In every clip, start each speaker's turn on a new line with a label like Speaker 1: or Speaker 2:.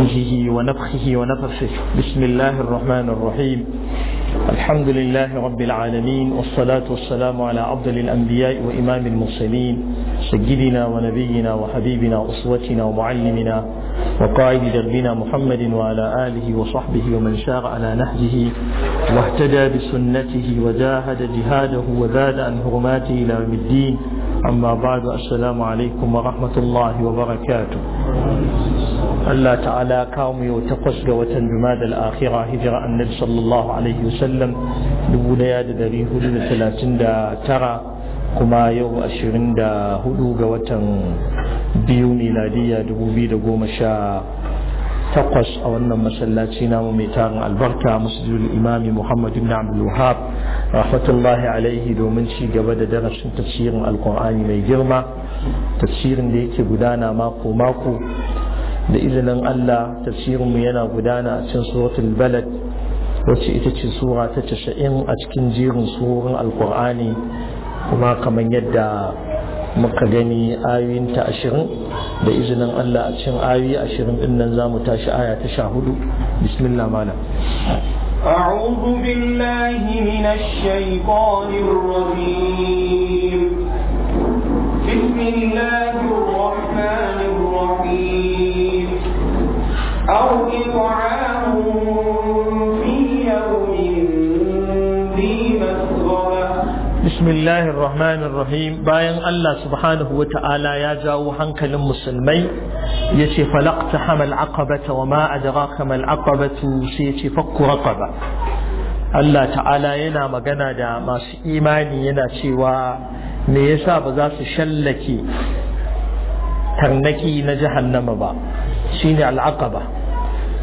Speaker 1: نفخه ونفخه ونفخه بسم الله الرحمن الرحيم الحمد لله رب العالمين والصلاة والسلام على أفضل الأنبياء وإمام المرسلين سيدنا ونبينا وحبيبنا أسوتنا ومعلمنا وقائد دربنا محمد وعلى آله وصحبه ومن سار على نهجه واهتدى بسنته وجاهد جهاده وزاد عن هرماته إلى يوم الدين amma ba da assalamu alaikum wa rahmatullahi wa barakatu Allah ta'ala kawo mu yau takwas ga watan jumada al'akhira hijira annabi sallallahu alaihi wa sallam dubu daya da dari hudu da talatin da tara kuma yau ashirin da hudu ga watan biyu miladiyya dubu biyu da goma sha takwas a wannan masallaci namu mai tarin albarka musu imami muhammad ibn abdul wahab rahmatullahi alaihi domin ci gaba da darasin tafsirin alkur'ani mai girma tafsirin da yake gudana mako mako da izinin Allah tafsirinmu yana gudana a cikin suratul balad wacce ita ce sura ta casa'in a cikin jerin surorin alkur'ani kuma kamar yadda muka gani ayoyin ta ashirin da izinin Allah a cikin ayoyi ashirin din nan za mu tashi aya ta sha hudu bismillah malam
Speaker 2: أعوذ بالله من الشيطان الرجيم بسم الله الرحمن الرحيم أو إطعام
Speaker 1: bismillahir rahmanir rahim bayan Allah subhanahu wa ta'ala ya jawo hankalin musulmai ya ce falaqta hamal aqabata wa ma adraka mal aqabatu sai ya ce fakku raqaba Allah ta'ala yana magana da masu imani yana cewa me yasa ba za su shallake tarnaki na jahannama ba shine al'aqaba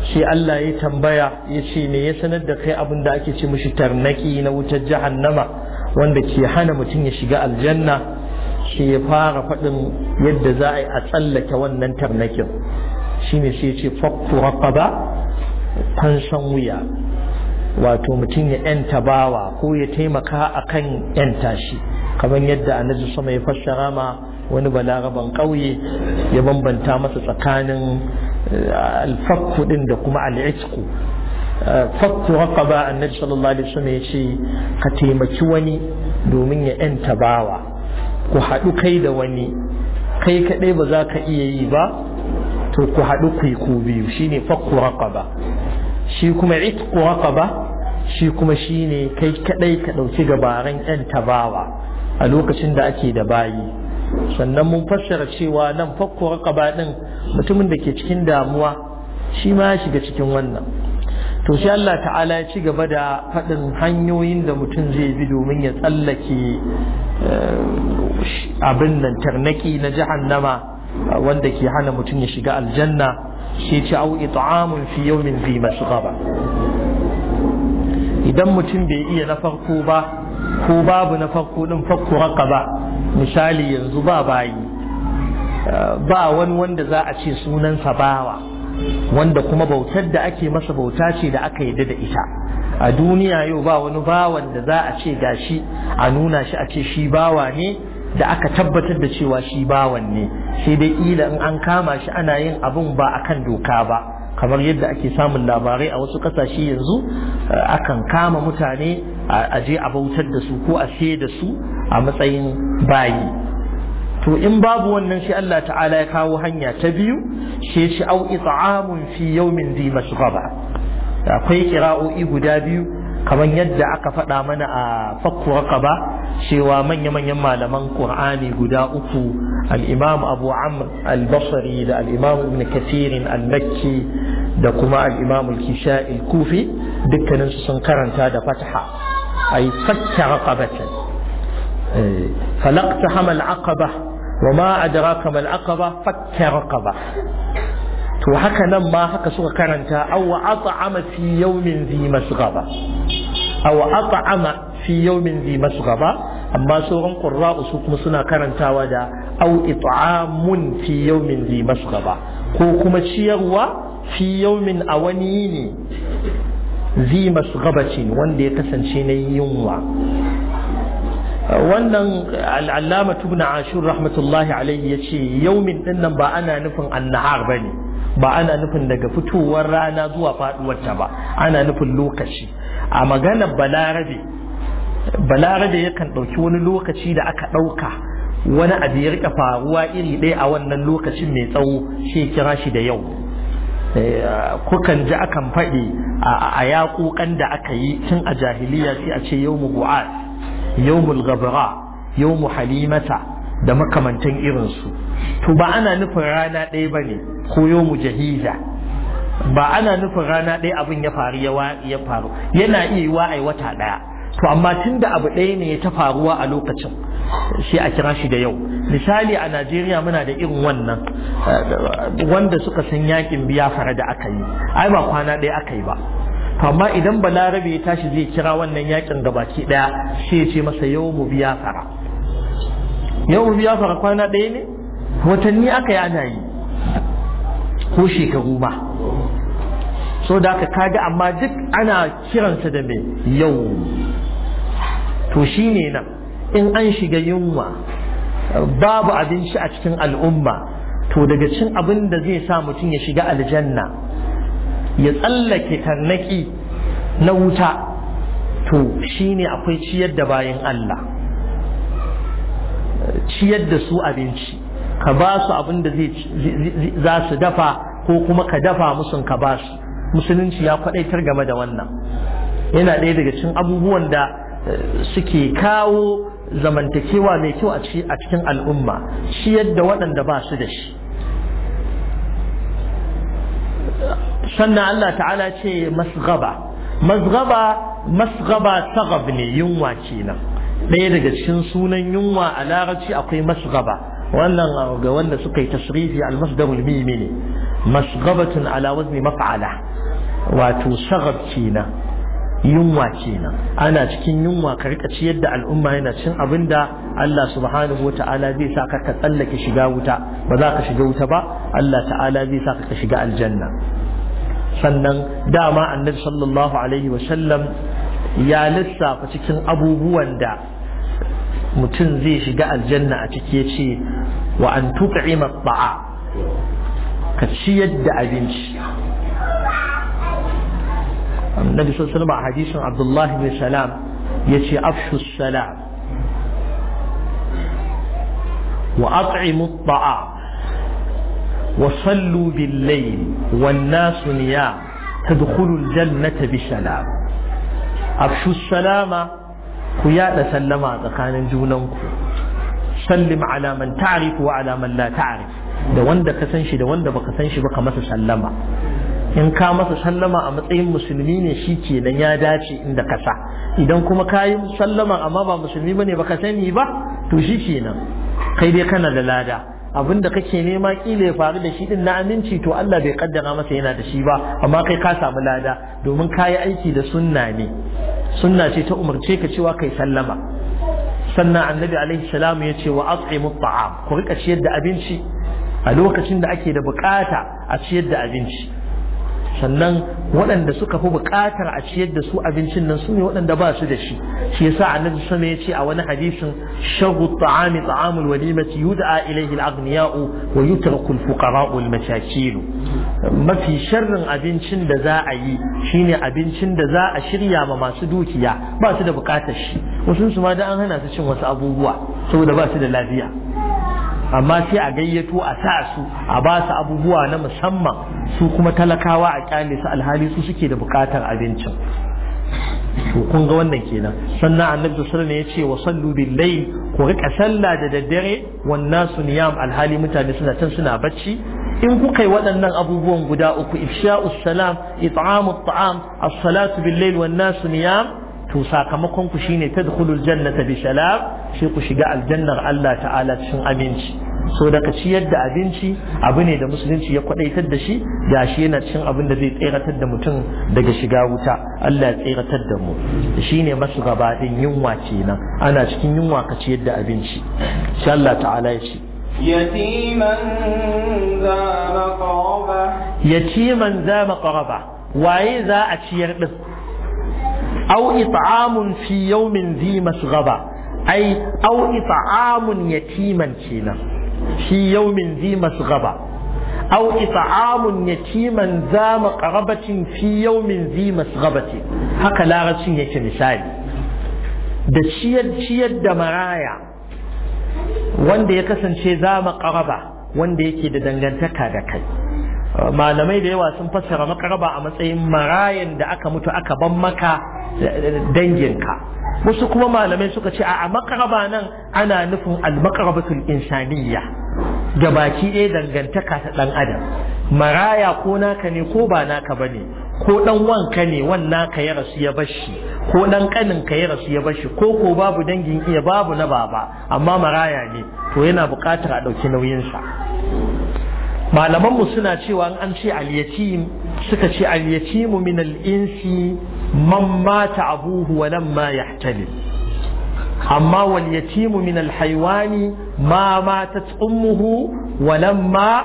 Speaker 1: shi Allah ya tambaya ya ce me ya sanar da kai abin da ake ce mushi tarnaki na wutar jahannama wanda ke hana mutum ya shiga aljanna shi ya fara faɗin yadda za a yi a tsallake wannan tarnakin shi sai ce fakku ba fansan wuya wato mutum ya yanta bawa ko ya taimaka akan yanta shi kamar yadda naji sama ya fassara ma wani balaraban ƙauye ya bambanta masa tsakanin eh, alfakku din da kuma al'isku fattu raqaba annabi sallallahu alaihi wasallam ya ce ka taimaki wani domin ya yanta bawa ku haɗu kai da wani kai kaɗai ba za ka iya yi ba to ku haɗu ku yi ku biyu ne fakku raqaba shi kuma itqu raqaba shi kuma shi ne kai kaɗai ka ɗauki gabaran yanta bawa a lokacin da ake da bayi sannan mun fassara cewa nan fakku raqaba din mutumin da ke cikin damuwa shi ma ya shiga cikin wannan to sai Allah ta'ala ya ci gaba da faɗin hanyoyin da mutum zai bi domin ya tsallake eh, abin nan tarnaki na jahannama wanda ke hana mutum ya shiga aljanna sai ci au it'amun fi yawmin zi masghaba idan mutum bai iya na farko ba ko babu na farko din farko haka ba misali yanzu ba bayi eh, ba wani wanda za a ce sunansa bawa wanda kuma bautar da ake masa bauta ce da aka yadda da ita a duniya yau ba wani bawan da za a ce gashi a nuna shi a ce shi bawa ne da aka tabbatar da cewa shi bawan ne sai dai ila in an kama shi ana yin abun ba akan doka ba kamar yadda ake samun labarai a wasu kasashe yanzu eh, akan kama mutane a je a bautar da su ko a sai da su a matsayin bayi to in babu wannan shi Allah ta'ala ya kawo hanya ta biyu shi shi au it'amun fi yawmin dhi mashghaba akwai qira'o'i guda biyu kamar yadda aka faɗa mana a fakku raqaba cewa manya-manyan malaman Qur'ani guda uku al-Imam Abu Amr al-Basri da al-Imam Ibn Kathir al-Makki da kuma al-Imam al-Kishai al-Kufi dukkanin su sun karanta da Fataha ay fakka raqabatan eh, falaqta hamal aqaba wa ma adraka mal aqaba fakka raqaba to haka nan ma haka suka karanta aw at'ama fi yawmin zi masghaba aw at'ama fi yawmin zi masghaba amma sauran qurra'u su kuma suna karantawa da aw it'amun fi yawmin zi masghaba ko kuma ciyarwa fi a wani ne zi masghabacin wanda ya kasance na yunwa wannan al'allama tubna ashur rahmatullahi alaihi ya ce yaumin din nan ba ana nufin annahar ba ne ba ana nufin daga fitowar rana zuwa ta ba ana nufin lokaci a maganar balarabe balarabe yakan ɗauki wani lokaci da aka ɗauka wani abu ya rika faruwa iri ɗaya a wannan lokacin mai tsawo shi kira shi da yau eh, kukan ji akan faɗi a yaƙoƙan da aka yi tun a jahiliya sai a ce yau mu yawmul gabara yawmu halimata da makamantan irinsu to ba ana nufin rana ɗaya ba ko yawmu jahiza ba ana nufin rana ɗaya abin ya faru ya faru yana iya yi wa'ai wata ɗaya to amma tun da abu ɗaya ne ta faruwa a lokacin shi a kira shi da yau misali a najeriya muna da irin wannan eh, wanda suka san yakin biya fara da aka yi ai ba kwana ɗaya aka yi ba amma idan balarabe ya tashi zai kira wannan yakin gabaki daya sai ya ce masa yau mu biya fara yau mu biya fara kwana ɗaya ne watanni aka yi ana yi ko shekaru ba so da aka kaga amma duk ana kiransa da mai yau to shi ne nan in an shiga yunwa babu abinci a cikin al'umma to daga cin abin da zai sa mutum ya shiga aljanna ya tsallake tarnaki na wuta to shine akwai ciyar da bayan Allah ciyar da su abinci ka ba su abin da za su dafa ko kuma ka dafa musun ka ba su musulunci ya kwadaitar game da wannan yana ɗaya daga cikin abubuwan da eh, suke kawo zamantakewa mai kyau a cikin al'umma ciyar da waɗanda ba su da shi sannan Allah ta'ala ce masgaba masgaba masgaba sagab ne yunwa kenan ɗaya daga cikin sunan yunwa a larabci akwai masgaba wannan ga wanda suka yi tasrifi almasdarul mimi ne masgabatun ala wazni maf'ala wato sagab kenan yunwa kenan ana cikin yunwa ka rika ciyar da al'umma yana cin abin da Allah subhanahu wa ta'ala zai sa ka tsallake shiga wuta ba za ka shiga wuta ba Allah ta'ala zai sa ka shiga aljanna sannan dama annabi sallallahu alaihi wasallam ya lissafa cikin abubuwan da mutum zai shiga aljanna a ciki ya ce wa an tuƙa'ima ba'a ka ciyar da abinci annabi sallallahu alaihi wasallam a hadisin abdullahi bin salam ya ce afshu salam wa at'imu ba'a وصلوا بالليل والناس نيام تدخلوا الجنة بسلام أبشوا السلام قيادة سلما تقان جونانكو سلم على من تعرف وعلى من لا تعرف da wanda ka san shi da wanda baka san shi baka masa sallama in ka masa sallama a matsayin musulmi ne shi kenan ya dace inda ka sa idan kuma ka yi sallama amma ba musulmi bane baka sani ba to shi kenan kai dai kana da lada abin da kake nema kila ya faru da shi din na aminci to Allah bai kaddara masa yana da shi ba amma kai ka samu lada domin ka yi aiki da sunna ne sunna ce ta umarce ka cewa kai sallama sannan annabi alaihi salam ya ce wa at'imu ta'am ku rika ciyar da abinci a lokacin da ake da bukata a ciyar da abinci sannan waɗanda suka fi buƙatar a ciyar da su abincin nan su ne waɗanda ba su da shi shi yasa annabi sama ya ce a wani hadisin shagu ta'ami ta'amul walimati yud'a ilayhi al-aghniya'u wa yutraku al-fuqara'u al mafi sharrin abincin da za a yi shine abincin da za a shirya ma masu dukiya ba su da buƙatar shi wasu su ma da an hana su cin wasu abubuwa saboda ba su da lafiya amma sai a gayyato a sa su a ba su abubuwa na musamman su kuma talakawa a kyale su alhali su suke da bukatar abincin to kun ga wannan kenan sannan annabi sallallahu alaihi ya ce wa sallu bil ku rika sallah da daddare wan nasu niyam alhali mutane suna can suna bacci in kuka yi waɗannan abubuwan guda uku ifsha'us salam it'amut ta'am as-salatu bil wan nasu niyam to sakamakon ku shine tadkhulul jannata bi salam sai ku shiga aljannar Allah ta'ala cikin aminci so daga ciyar da abinci abu ne da musulunci ya kwadaitar da shi Ga shi yana cin abin da zai tseratar da mutum daga shiga wuta Allah ya tseratar da mu ne masu gabaɗin yunwa kenan ana cikin yunwa ka ciyar da abinci insha Allah ta'ala ya ce
Speaker 2: yatiman
Speaker 1: za maqraba waye za a ciyar din aw it'amun fi yawmin dhi masghaba ai aw it'amun yatiman kenan fi yawmin dhi masghaba aw it'amun yatiman za maqrabatin fi yawmin dhi masghabati haka larabcin yake misali da ciyar ciyar da maraya wanda ya kasance za maqraba wanda yake da dangantaka da kai malamai da yawa sun fassara makaraba a matsayin marayan da aka mutu aka ban maka danginka wasu kuma malamai suka ce a makaraba nan ana nufin almakarabatul insaniya ga baki ɗaya dangantaka ta ɗan adam maraya ko naka ne ko ba naka bane? ko ɗan wanka ne wannan ka ya rasu ya bashi ko ɗan ƙanin ka ya rasu ya bashi ko ko babu dangin iya babu na baba amma maraya ne to yana buƙatar a ɗauki nauyinsa malamanmu suna cewa an ce al suka ce al-yatimu min al man mata abuhu wa lam ma amma wal min al ma matat ummuhu wa ma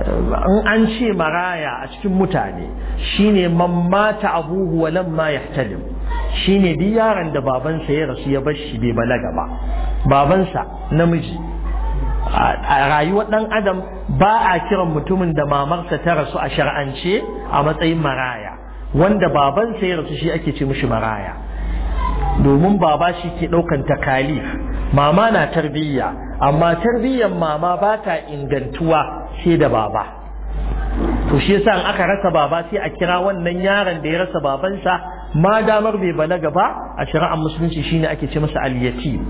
Speaker 1: in an ce maraya a cikin mutane shine man mata abuhu wa lam ma yahtalim shine duk yaron da babansa ya rasu ya bar shi bai balaga ba babansa namiji a rayuwar ɗan adam ba a kiran mutumin da mamarsa ta rasu a shar'ance a matsayin maraya wanda babansa ya rasu shi ake ce mishi maraya domin baba shi ke ɗaukan takalif mama na tarbiyya amma tarbiyyar mama ba ta ingantuwa sai da baba to shi yasa aka rasa baba sai a kira wannan yaron da ya rasa babansa ma damar bai balaga ba a shari'ar musulunci shine ake ce masa al-yatim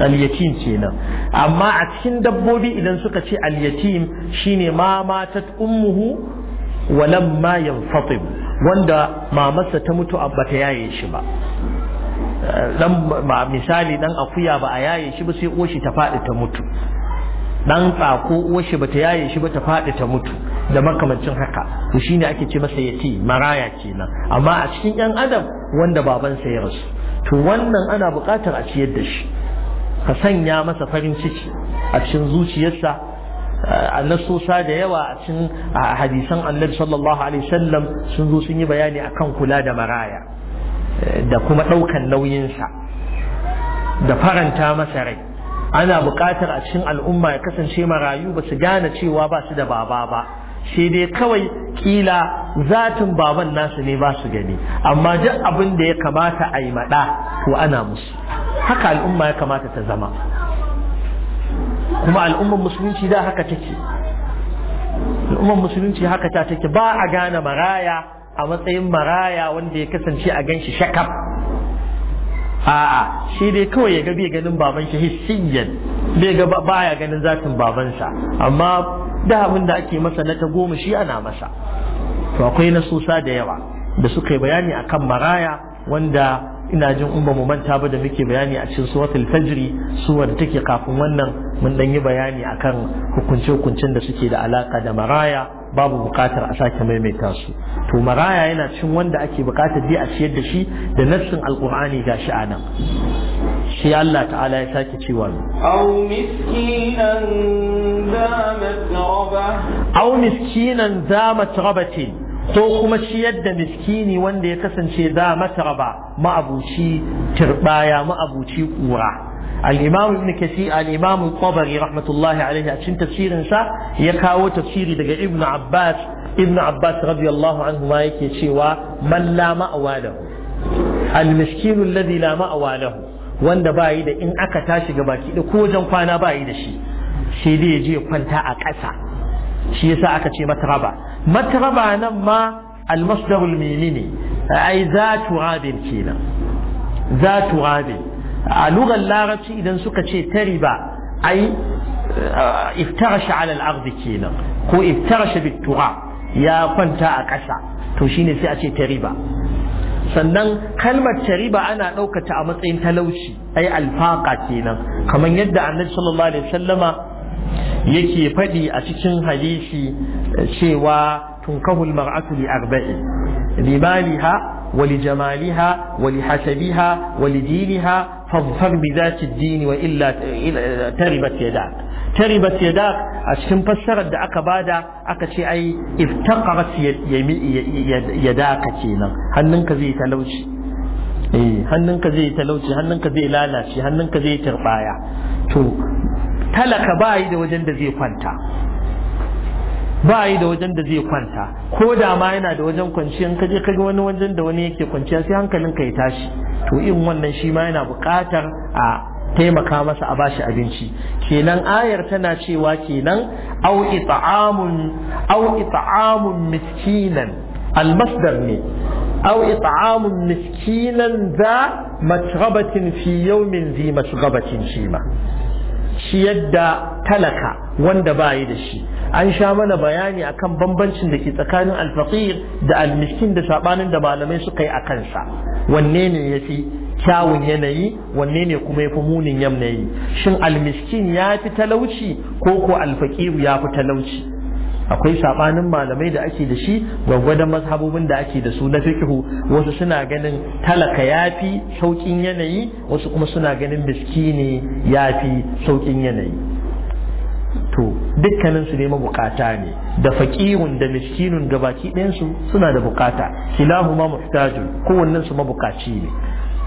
Speaker 1: aliyatin kenan amma a cikin dabbobi idan suka ce aliyatin shine ma matat ummuhu wa lam ma yanfatim wanda mamarsa ta mutu abba ta yaye shi ba dan misali dan akuya ba a yaye shi ba sai uwar shi ta faɗi ta mutu dan tsako uwar shi bata yaye shi ba ta faɗi ta mutu da makamancin haka to shine ake ce masa yati maraya kenan amma a cikin yan adam wanda babansa ya rasu to wannan ana buƙatar a ciyar da shi ka sanya masa farin ciki a cikin zuciyarsa a nasosa da yawa a cikin hadisan annabi sallallahu alaihi wasallam sun zo sun yi bayani akan kula da maraya da kuma ɗaukan nauyinsa da faranta masa rai ana buƙatar a cikin al'umma ya kasance marayu ba su gane cewa ba su da baba ba sai dai kawai kila zatin baban nasu ne ba su gani amma duk abin da ya kamata a yi maɗa to ana musu haka al'umma ya kamata ta zama kuma al'ummar musulunci da haka take al'ummar musulunci haka ta take ba a gane maraya a matsayin maraya wanda ya kasance a ganshi shakar a'a shi dai kawai ya ga bai ganin baban shi hissiyan bai ga baya ganin zatin babansa amma da abin da ake masa na ta goma shi ana masa to akwai na susa da yawa da suka yi bayani akan maraya wanda ina jin in mu manta ba da muke bayani a cikin suratul fajri suwa da take kafin wannan mun dan yi bayani akan hukunce hukuncen da suke da alaka da maraya babu bukatar a sake maimaita su to maraya yana cin wanda ake bukatar dai a ciyar da shi da nassin alqur'ani gashi anan sai Allah ta'ala ya sake cewa
Speaker 2: au miskinan da matraba
Speaker 1: au miskinan da matrabatin ko kuma ciyar da miskini wanda ya kasance da matraba ma'abuci abuci ma'abuci kura الإمام ابن كثير الإمام الطبري رحمة الله عليه أشين تفسير إنسا يكاو تفسيري دقى ابن عباس ابن عباس رضي الله عنه ما يكي من لا مأوى له المسكين الذي لا مأوى له wanda ba yi da in aka tashi ga baki da ko wajen kwana ba yi da shi shi ya je kwanta a ƙasa shi yasa aka ce matraba matraba nan ma almasdarul menene ai za turabin kenan za turabin a lugar larabci idan suka ce tariba ai eh, iftarasha ala al-ardi kenan ko iftarasha bit ya kwanta a ƙasa to shine sai a ce tariba sannan kalmar tariba ana ɗaukata a matsayin talauci ai alfaka kenan kamar yadda annabi sallallahu alaihi wasallama yake faɗi a cikin hadisi eh, cewa tunkahu almar'atu li arba'i limaliha wa li jamaliha wa li hasabiha wa li diniha fadhfar bi dhati ad-din wa illa eh, eh, taribat taribat yadak a cikin fassarar da aka bada aka ce ai iftaqarat yadaka kenan hannunka zai talauci eh hannunka zai talauci hannunka zai lalace hannunka zai tarbaya. to talaka bai da wajen da zai kwanta bai da wajen da zai kwanta ko da ma yana da wajen kwanciya ka je kaga wani wajen da wani yake kwanciya sai hankalinka ya tashi to in wannan shi ma yana buƙatar a taimaka masa a bashi abinci kenan ayar tana cewa kenan au it'amun au it'amun miskinan almasdar ne au it'amun miskinan za matrabatin fi yawmin zi matrabatin shi ma shi yadda talaka wanda bayi da shi an sha mana bayani akan bambancin da ke tsakanin alfaqir da almiskin da sabanin da malamai suka yi a kansa wanne ne yafi kyawun yanayi wanne ne kuma ya fi munin yamnayi shin almiskin ya fi talauci ko ko alfakiru ya fi talauci akwai saɓanin malamai da ake da shi gwagwadon mazhabobin da ake da su na fiqhu wasu suna ganin talaka ya fi saukin yanayi wasu kuma suna ganin miskini fi saukin yanayi to dukkanin su ne mabukata ne da faqihun da miskinun gabaki ɗayan su suna da bukata kilahuma muhtajun kowannen su mabukaci ne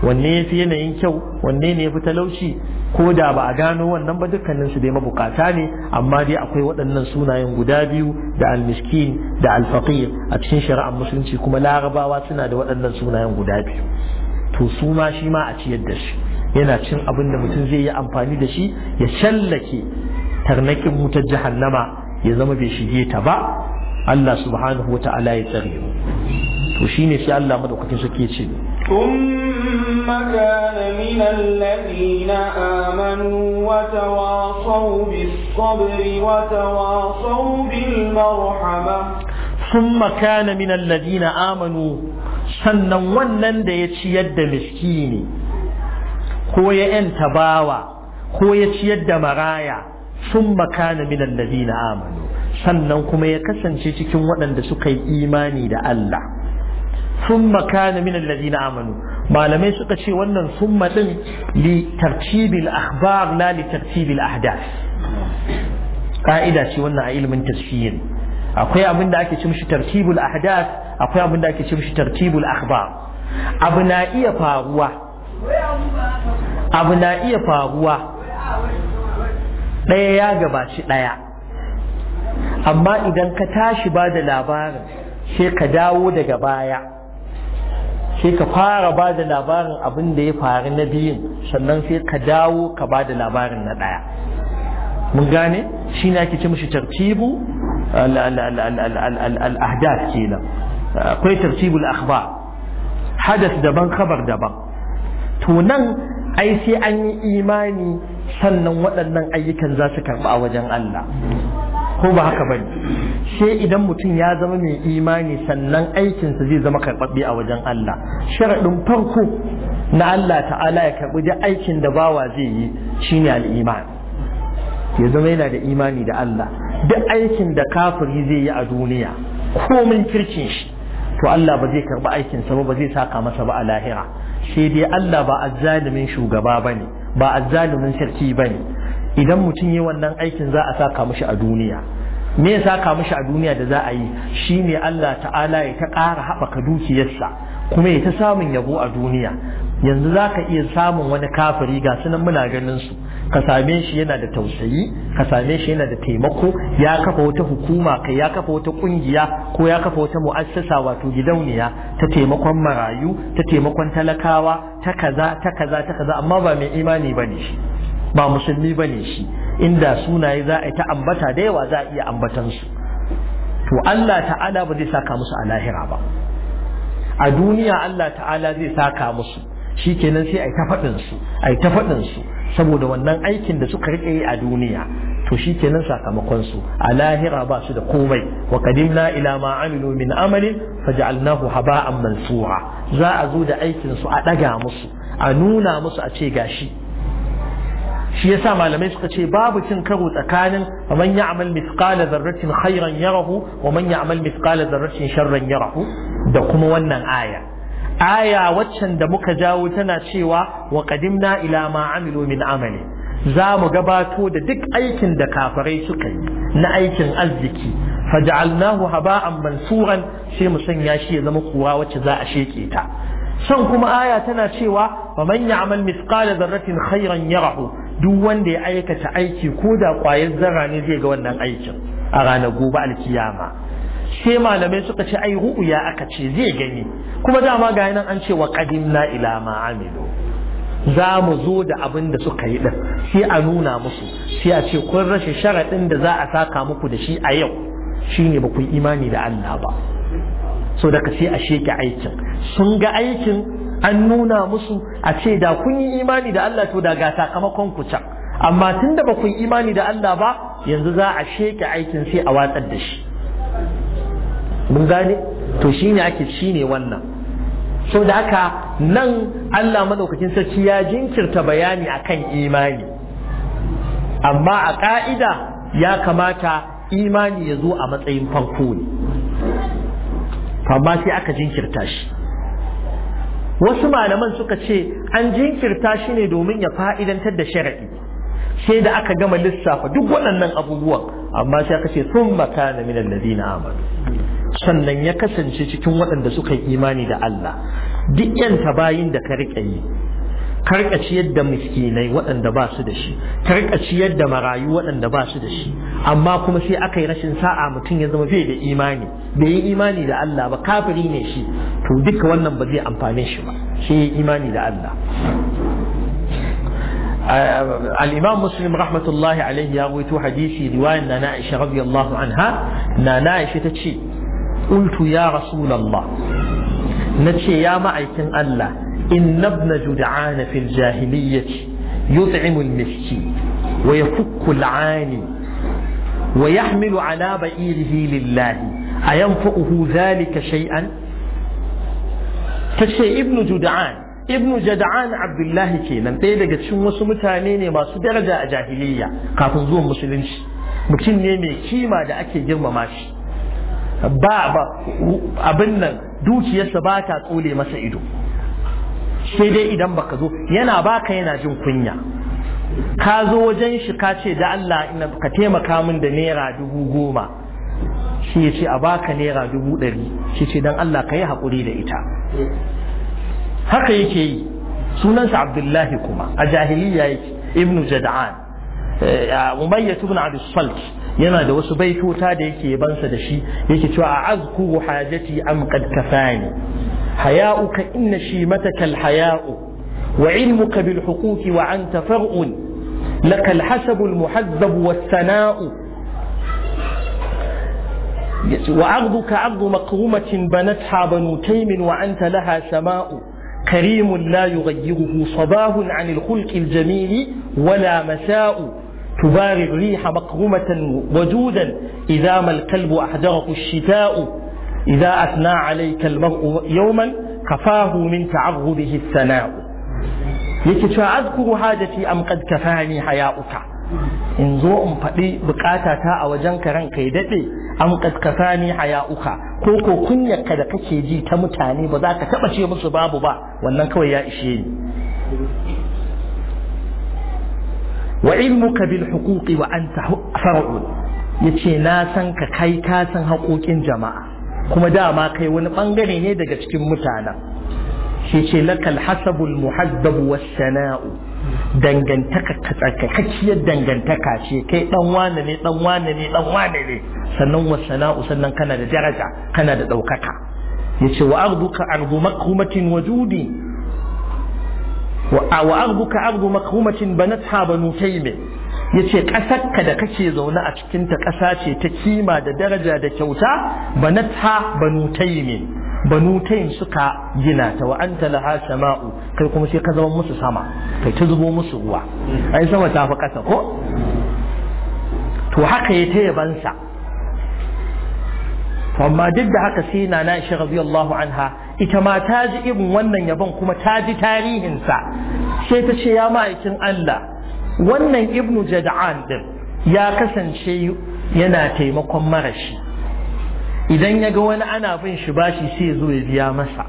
Speaker 1: wanne ya fi yanayin kyau wanne ne ya fi talauci ko da ba a gano wannan ba dukkanin su dai mabukata ne amma dai akwai waɗannan sunayen guda biyu da almiskin da alfaqir a cikin shari'ar musulunci kuma larabawa suna da waɗannan sunayen guda biyu to su ma shi ma a ciyar da shi yana cin abin da mutum zai yi amfani da shi ya shallake tarnakin wutar jahannama ya zama bai shige ta ba Allah subhanahu wa ta'ala ya tsare mu to shine sai Allah madaukakin sarki ya ce
Speaker 2: ثم كان من الذين آمنوا وتواصوا بالصبر وتواصوا بالمرحمة
Speaker 1: ثم كان من الذين آمنوا sannan wannan da ya ciyar da miskini ko ya ‘yanta tabawa, ko ya ciyar da maraya sun makana minan ladina amanu sannan kuma ya kasance cikin waɗanda suka yi imani da Allah sun makana minan ladina amanu malamai suka ce wannan summa din li tartibil akhbar la li tartibil ahdath ka'ida ce wannan a ilimin tafsir akwai abin da ake ce mishi tartibul ahdath akwai abin da ake ce mishi tartibul akhbar abu na iya faruwa abu na iya faruwa ɗaya ya gabaci ɗaya amma idan ka tashi ba da labarin sai ka dawo daga baya sai ka fara ba da labarin abin da ya faru na biyun sannan sai ka dawo ka ba da labarin na ɗaya mun gane shi na ake ce mashi tartibu al ke kenan akwai tartibul akhbar hadas daban khabar daban tunan nan ai sai an yi imani sannan waɗannan ayyukan za su karɓa a wajen Allah ko ba haka bane sai idan mutum ya zama mai imani sannan aikinsa zai zama karɓaɓɓe a wajen Allah sharaɗin farko na Allah ta'ala ya karɓi duk aikin da bawa zai yi shine al'iman ya zama yana da imani da Allah duk aikin da kafiri zai yi a duniya komin kirkin shi to Allah ba zai karɓi aikinsa ba ba zai saka masa ba a lahira sai dai Allah ba azzalumin shugaba bane ba azzalumin sarki bane idan mutum yi wannan aikin za a saka mushi a duniya me ya saka mushi a duniya da za a yi ne Allah ta'ala ya ta ƙara haɓaka dukiyarsa kuma ya ta samun yabo a duniya yanzu za ka iya samun wani kafiri ga sunan muna ganin su ka same shi yana da tausayi ka same shi yana da taimako ya kafa wata hukuma kai ya kafa wata kungiya ko ya kafa wata mu'assasa wato gidauniya ta taimakon marayu ta taimakon talakawa ta kaza ta kaza ta kaza amma ba mai imani bane shi ba musulmi bane shi inda sunaye za a yi ta ambata da yawa za a iya ambatansu. su to Allah ta'ala ba zai saka musu a lahira ba a duniya Allah ta'ala zai saka musu shi kenan sai a yi ta faɗin su a yi ta faɗin su saboda wannan aikin da suka riƙe yi a duniya to shi kenan sakamakonsu a lahira ba su da komai wa qadimna ila ma amilu min amalin faj'alnahu haba'an mansura za a zo da aikin su a ɗaga musu a nuna musu a ce gashi shi yasa malamai suka ce babu cin karo tsakanin wa man ya'mal mithqala dharratin khairan yarahu wa man ya'mal mithqala dharratin sharran yarahu da kuma wannan aya aya waccan da muka jawo tana cewa wa qadimna ila ma amilu min amali za mu gabato da duk aikin da kafirai suka yi na aikin arziki faj'alnahu haba'an mansuran sai mu sanya shi ya zama kura wacce za a sheke ta san kuma aya tana cewa wa man ya'mal mithqala dharratin khairan yarahu duk wanda ya aikata aiki ko da ƙwayar zarra ne zai ga wannan aikin a ranar gobe alkiyama sai malamai suka ce ai ya aka ce zai gani kuma dama ga nan an ce wa qadimna ila ma amilu za mu zo da abin da suka yi din sai a nuna musu sai a ce kun rashe sharaɗin da za a saka muku da shi a yau shine ba ku imani da Allah ba so daga sai a sheke aikin sun ga aikin an nuna musu a ce da kun yi imani da Allah to da ga sakamakon ku can amma tun da ba ku yi imani da Allah ba yanzu za a sheke aikin sai a watsar da shi mun gane to shine ake shine wannan so da haka nan Allah madaukakin sarki ya jinkirta bayani akan imani amma a ka'ida ya kamata imani ya zo a matsayin farko ne amma sai aka jinkirta shi wasu malaman suka ce an jinkirta shi ne domin ya fa'idantar da shari'i sai da aka gama lissafa duk waɗannan abubuwan amma sai aka ce sun maka na minan ladina amanu sannan ya kasance cikin waɗanda suka yi imani da Allah duk yan bayin da ka riƙe yi karka ciyar da miskinai waɗanda ba su da shi karka ciyar da marayu waɗanda ba su da shi amma kuma sai aka yi rashin sa'a mutum ya zama bai da imani bai yi imani da Allah ba kafiri ne shi to duka wannan ba zai amfane shi ba shi yi imani da Allah الإمام مسلم رحمة الله عليه يروي حديثي رواية nana aisha ta ce. نائشة تشي قلت يا ya الله نتشي يا معيك Allah. إن ابن جدعان في الجاهلية يطعم المسكين ويفك العاني ويحمل على بئيره لله أينفقه ذلك شيئا فشيء ابن جدعان ابن جدعان عبد الله كينا تيدا قد شو مسو متانيني ما سو درجة جاهلية قاتل زوم مسلمش مكين نيمي كيما دا أكي جرم ماشي بابا أبنن دوتي يسباتا تقولي مسا إدو sai dai idan baka zo yana baka yana jin kunya ka zo wajen shi ka ce da Allah ina ka taimaka min da naira dubu goma shi ya ce a baka naira dubu ɗari shi ce don Allah ka yi haƙuri da ita haka yake yi sunansa abdullahi kuma a jahiliya yake ibnu jada'an umayyah ibn abi salt yana da wasu baitota da yake bansa da shi yake cewa azkuru hajati am qad kafani haya'uka inna shimataka haya'u wa ilmuka bil huquqi wa anta far'un laka al al الحسب wa والثناء وعرضك عرض مقرومة بنتها بنو تيم وأنت لها سماء كريم لا يغيره صباه عن الخلق الجميل ولا مساء تبارع ريح مقرمة ودودا إذا ما الكلب أحجره الشتاء إذا أثنى عليك المرء يوما كفاه من تعرضه الثناء لكي تعذكر حاجتي أم قد كفاني حياؤك إن زوء فلي بقاتا تاء وجنك رنكي دبي أم قد كفاني حياؤك كوكو كن يكدقشي جي تمتاني بذاك تمشي مصباب با وننكو يا إشيين wa ilmuka bil huquqi wa anta far'un yace na san ka kai ka san haƙoƙin jama'a kuma dama kai wani bangare ne daga cikin mutanen shi ce lakal hasabul muhaddab was dangantaka ka tsarkakakkiyar dangantaka ce kai dan wane ne dan wane ne dan wane ne sannan was sannan kana da daraja kana da ɗaukaka yace wa arduka ardu makrumatin wajudi wa arduka ardu makhumatin banatha banu taymi yace kasarka da kake zaune a cikin ta kasa ce ta kima da daraja da kyauta banatha banu taymi banu taym suka gina ta wa anta laha sama'u kai kuma sai ka zama musu sama kai ta zubo musu ruwa ai sama ta fa kasa ko to haka ya taya bansa amma duk da haka sai na na shi radiyallahu anha ita ma ta ji irin wannan yabon kuma ta ji tarihinsa sai ta ce ya ma'aikin Allah wannan ibnu jada'an din ya kasance yana taimakon marashi idan ya ga wani ana bin shi bashi sai ya zo ya biya masa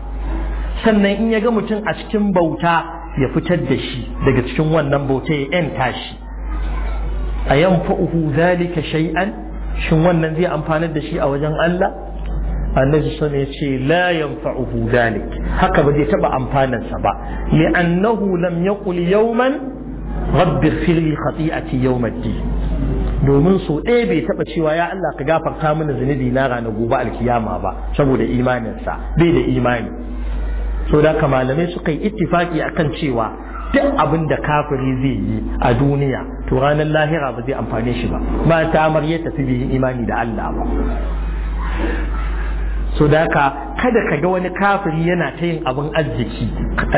Speaker 1: sannan in ya ga mutum a cikin bauta ya fitar da shi daga cikin wannan bauta ya yanta shi a yan fa'uhu zalika shay'an shin wannan zai amfanar da shi a wajen Allah annabi sun ya ce la yanfa'uhu dalik haka ba zai taba amfanarsa ba li annahu lam yaqul yawman rabbi firli khati'ati yawmaddi domin so ɗaya bai taɓa cewa ya Allah ka gafarta mana zunubi na ranar gobe alkiyama ba saboda imaninsa bai da imani so da malamai suka yi ittifaki akan cewa duk abin da kafiri zai yi a duniya to ranar lahira ba zai amfane shi ba ba ta amar ya tafi bai imani da Allah ba so da ka kada ka ga wani kafiri yana ta yin abin arziki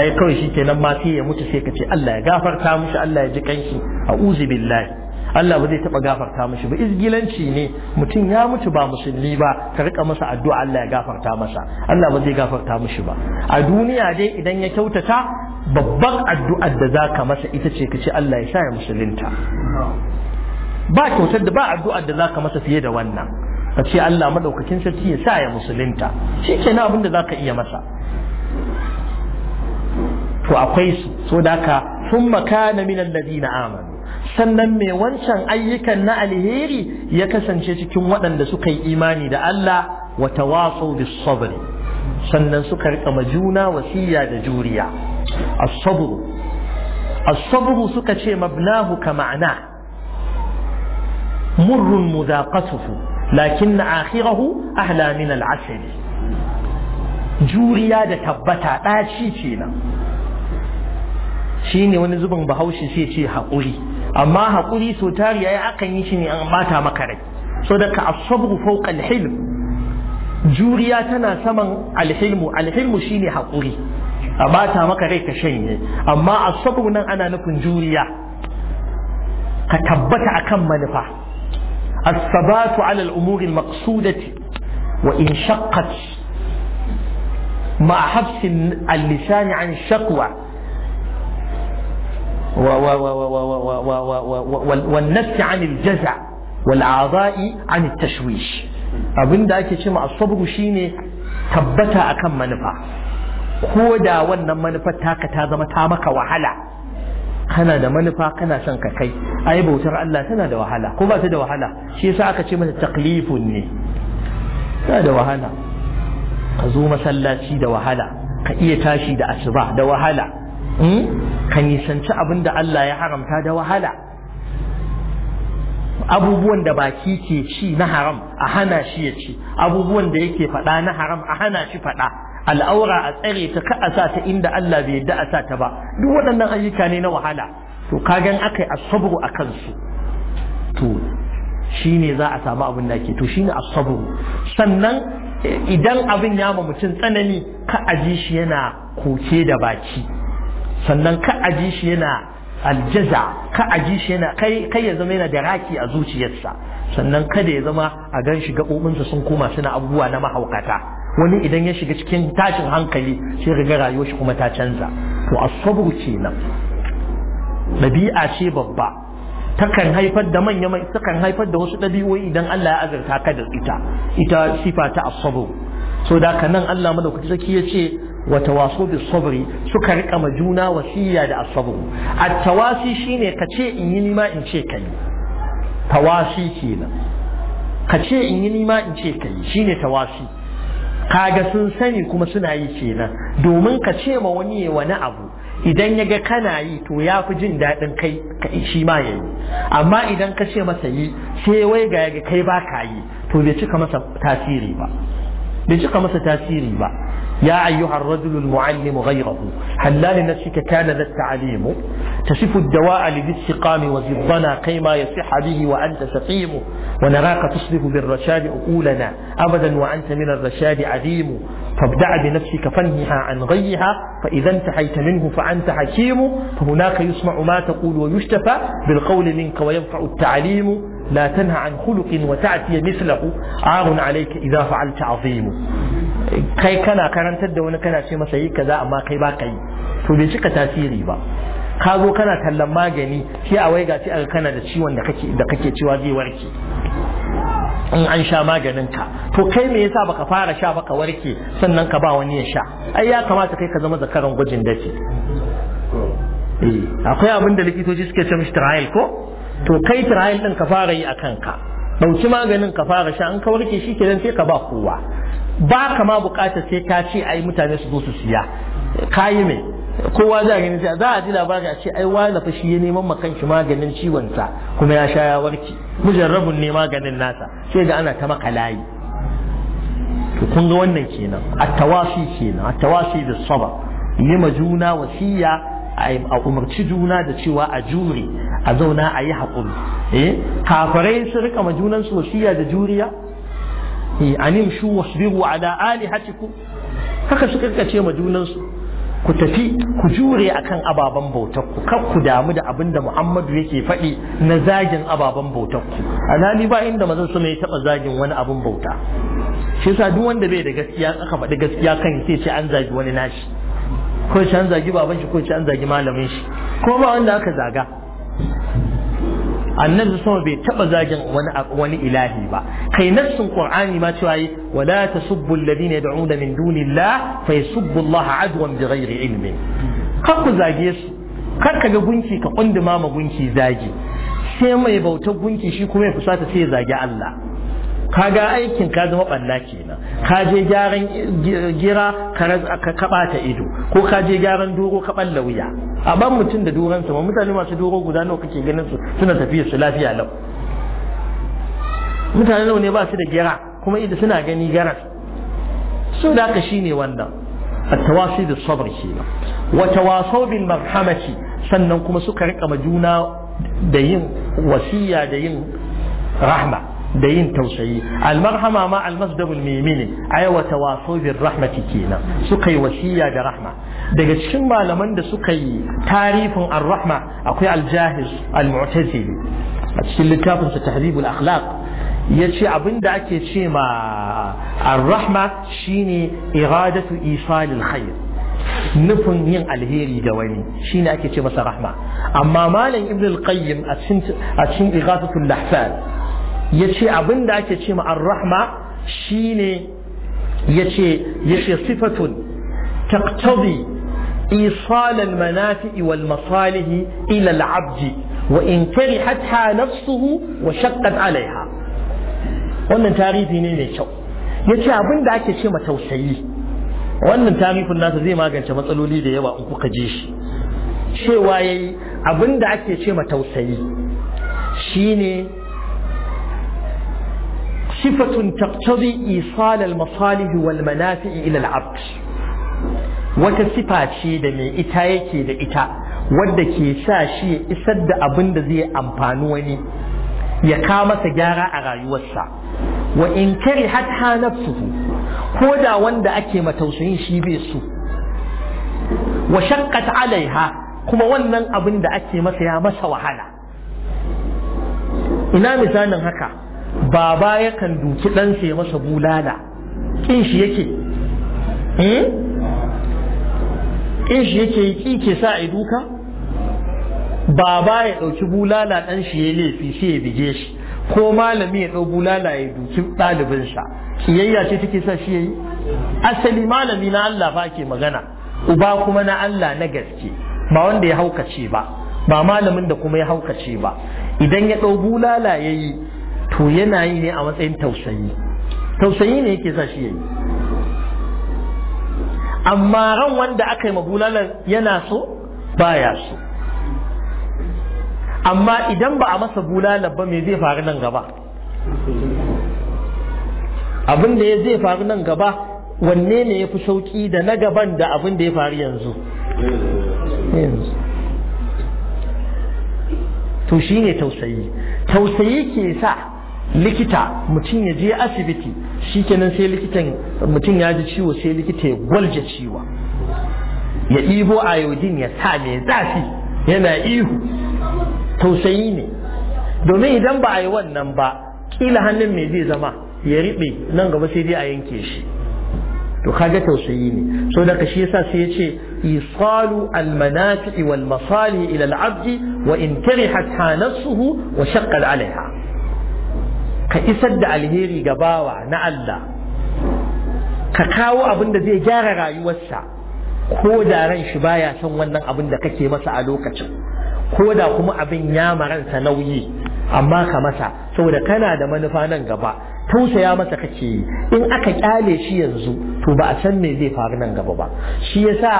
Speaker 1: ai kawai shi kenan ma sai ya mutu sai ka ce Allah ya gafarta mushi Allah ya ji kanshi a'udhu billahi Allah ba zai taba gafarta mushi ba izgilanci ne mutum ya mutu ba musulmi ba ka rika masa addu'a Allah ya gafarta masa Allah ba zai gafarta mushi ba a duniya dai idan ya kyautata babban addu'ar da zaka masa ita ce ka ce Allah ya sa ya musulunta ba kyautar da ba addu'ar da zaka masa fiye da wannan ka ce Allah maɗaukakin sarki ya sa ya musulunta shi ke na abin da za ka iya masa to akwai su so da ka sun makana minan na amanu sannan mai wancan ayyukan na alheri ya kasance cikin waɗanda suka yi imani da Allah wa tawasau bis sabr sannan suka rika majuna wasiya da juriya as-sabr as-sabr suka ce mabnahu ka ma'ana murrun mudaqatuhu lakin na akhirahu ahla min al'asali juriya da tabbata ɗaci ce nan shi ne wani zubin bahaushe sai ce haƙuri amma haƙuri so tari ya akan yi shi ne an mata maka rai so daga asabru fauƙa alhilm juriya tana saman alhilmu alhilmu shine haƙuri a mata maka rai ka shanye amma asabru nan ana nufin juriya ka tabbata akan manufa الثبات على الأمور المقصودة وإن شقت مع حبس اللسان عن الشقوى والنفس عن الجزع والعضاء عن التشويش abin da ake ce ma'asabu shine tabbata akan manufa ko da wannan manufar taka ta zama ta maka wahala kana da manufa kana son ka kai ai bautar Allah tana da wahala ko ba ta da wahala shi yasa aka ce mata taklifun ne tana da wahala ka zo masallaci da wahala ka iya tashi da asuba da wahala hmm? ka nisanci abin da Allah ya haramta da wahala abubuwan da baki ke ci na haram a hana shi ya ci abubuwan da yake faɗa na haram a hana shi faɗa al'aura a tsare ta ka a sa ta inda Allah bai yadda a sa ta ba duk waɗannan ayyuka ne na wahala to kagan akai asabru a kansu to shine za a samu abin da ke to shine asabru sannan idan abin ya ma mutum tsanani ka aji shi yana koke da baki sannan ka aji shi yana aljaza ka aji shi yana kai kai ya zama yana da raki a zuciyarsa sannan kada ya zama a gan shi gaɓoɓinsa sun koma suna abubuwa na mahaukata wani idan ya shiga cikin tashin hankali sai raga rayuwar shi kuma ta canza to asabru kenan ɗabi'a ce babba takan haifar da manya mai takan haifar da wasu ɗabi'o'i idan Allah ya azurta ka da ita ita sifa ta asabru so da nan Allah madaukaki saki ya ce wa tawaso bis sabri suka rika ma juna wasiya da asabru at tawasi shine ka ce in yi nima in ce kai tawasi kenan ka ce in yi nima in ce kai shine tawasi kaga sun sani kuma suna yi kenan domin ka ce ma wani wani abu idan ya ga kana yi to ya fi jin daɗin kai shi ma ya yi amma idan ka ce masa yi sai wai ga yaga kai ba ka yi to bai bai cika masa tasiri ba يا أيها الرجل المعلم غيره هل لا لنفسك كان ذا التعليم تصف الدواء لذي السقام وزدنا كيما يصح به وأنت سقيم ونراك تصرف بالرشاد عقولنا أبدا وأنت من الرشاد عديم فابدع بنفسك فانهها عن غيها فإذا انتهيت منه فأنت حكيم فهناك يسمع ما تقول ويشتفى بالقول منك وينفع التعليم لا تنهى عن خلق وتعتي مثله عار آه عليك إذا فعلت عظيم kai kana karantar da wani kana ce masa yi kaza amma kai ba ka yi to bai cika tasiri ba ka zo kana tallan magani sai a waiga sai aka kana da ciwon da kake da kake cewa zai warke in an sha maganin ka to kai me yasa baka fara sha baka warke sannan ka ba wani ya sha ai ya kamata kai ka zama zakaran gwajin dafi eh, akwai abinda likitoci suke ce mishi trial ko to kai trial din ka fara yi akan ka dauki maganin ka fara sha an ka warke shi kenan sai ka ba kowa ba ka ma bukata sai ka ce ai mutane su zo su siya kayi mai kowa za a gani za a ji labari a ce ai wani fa shi ya neman ma kanshi maganin ciwon sa kuma ya sha ya warke mujarrabun ne maganin nasa sai ga ana ta maka layi to kun ga wannan kenan at-tawasi kenan at-tawasi da sabr yi ma juna wasiya a umarci juna da cewa a jure a zauna a yi haƙuri eh kafirai su rika ma junansu wasiya da juriya an shu wasbiru ala alihatikum haka suka kace ma junansu ku tafi ku jure akan ababen bautar ku kar ku damu da abin da Muhammadu yake faɗi na zagin ababen bautar ku alali ba inda mazan su ya taɓa zagin wani abin bauta shi yasa duk wanda bai da gaskiya aka faɗi gaskiya kan sai ce an zagi wani nashi ko shi an zagi baban shi ko shi an zagi malamin shi ko ba wanda aka zaga annabi sama bai taba zagin wani wani ilahi ba kai nassin qur'ani ma cewa yi wala tasubbu alladhina yad'una min dunillah fa yasubbu Allah adwan bighairi ilmin kar ku zage su kar ka ga gunki ka kunduma ma gunki zagi sai mai bautar gunki shi kuma ya fusata sai ya zagi Allah Ka ga aikin ka zama balla kenan ka je gyaran gira ka kabata ido ko ka je gyaran dogo ka balla wuya a ban mutum da doron sa mutane masu dogo guda nawa kake ganin su suna tafiya su lafiya lau mutane nawa ne ba su da gira kuma idan suna gani gara su da ka shine wannan kenan wa كينا bin بالمرحمة sannan kuma suka rika ma juna da yin wasiya da yin rahma da yin tausayi almarhama ma almasdarul mimini ay wa tawasaw bir rahmati kenan suka yi wasiya da rahma daga cikin malaman da suka yi tarifin rahma akwai aljahiz almutazili a cikin littafin sa tahdhibul akhlaq yace abinda ake ce ma ar-rahma shine iradatu isalil khair nufin yin alheri ga wani shine ake ce masa rahma amma malam ibn al-qayyim a cikin a cikin ya ce abin da ake ce ar-rahma shine ya ce ya ce sifatun taktabi إيصال المنافع Wa in kari hatta nafsuhu wa وشقت عليها wannan tarihi ne mai kyau ya ce abin da ake ce tausayi wannan tarihin nasa zai magance matsaloli da yawa in kuka je shi cewa yayi abin da ake ce tausayi shine صفة تقتضي إيصال المصالح والمنافع إلى العبد وتصفة شيدة من إتايكي دا إتا ودكي شاشي إسد أبن ذي أمبانوني يقام سجارة أغاي وسع وإن كرهتها نفسه هو دا وند أكي متوسعين شي بيسو وشقت عليها كما ونن أبن دا أكي مسيا مسا وحلا إنا مثالا هكا baba yakan duki ɗansa ya masa bulala kin shi yake kin
Speaker 3: hmm? shi
Speaker 1: yake yi ke sa a duka baba ya ɗauki bulala ɗan shi ya laifi sai ya bige shi ko malami ya ɗau bulala ya duki ɗalibinsa kiyayya ce take sa shi ya yi asali malami na Allah fa ke magana uba kuma na Allah na gaske ba wanda ya haukace ba ba malamin da kuma ya haukace ba idan ya ɗau bulala ya yi to yana yi ne a matsayin tausayi tausayi ne yake sa shi yayi amma ran wanda aka yi mabulalar yana so baya so amma idan ba a masa bulalar ba me zai faru nan gaba abin da ya zai faru nan gaba wanne ne ya fi sauki da na gaban da abin da ya faru yanzu to shi ne tausayi tausayi ke sa likita mutum ya je asibiti shikenan sai likitan mutum ya ji ciwo sai likita ya gwalje ciwo ya ɗibo iodine ya sa mai zafi yana ihu tausayi ne domin idan ba a yi wannan ba kila hannun mai zai zama ya riɓe nan gaba sai dai a yanke shi to kaga tausayi ne so da shi yasa sai ya ce isalu almanafi wal masali ila al'abdi wa in karihat
Speaker 3: hanasuhu
Speaker 1: wa shaqqa alaiha ka isar da alheri ga bawa na Allah ka kawo abin da zai gyara rayuwarsa ko da ran shi baya son wannan abin da kake masa a lokacin ko da kuma abin ya maransa nauyi amma ka masa saboda kana da manufa nan gaba tausaya masa kake yi in aka kyale shi yanzu to ba a san me zai faru nan gaba ba shi yasa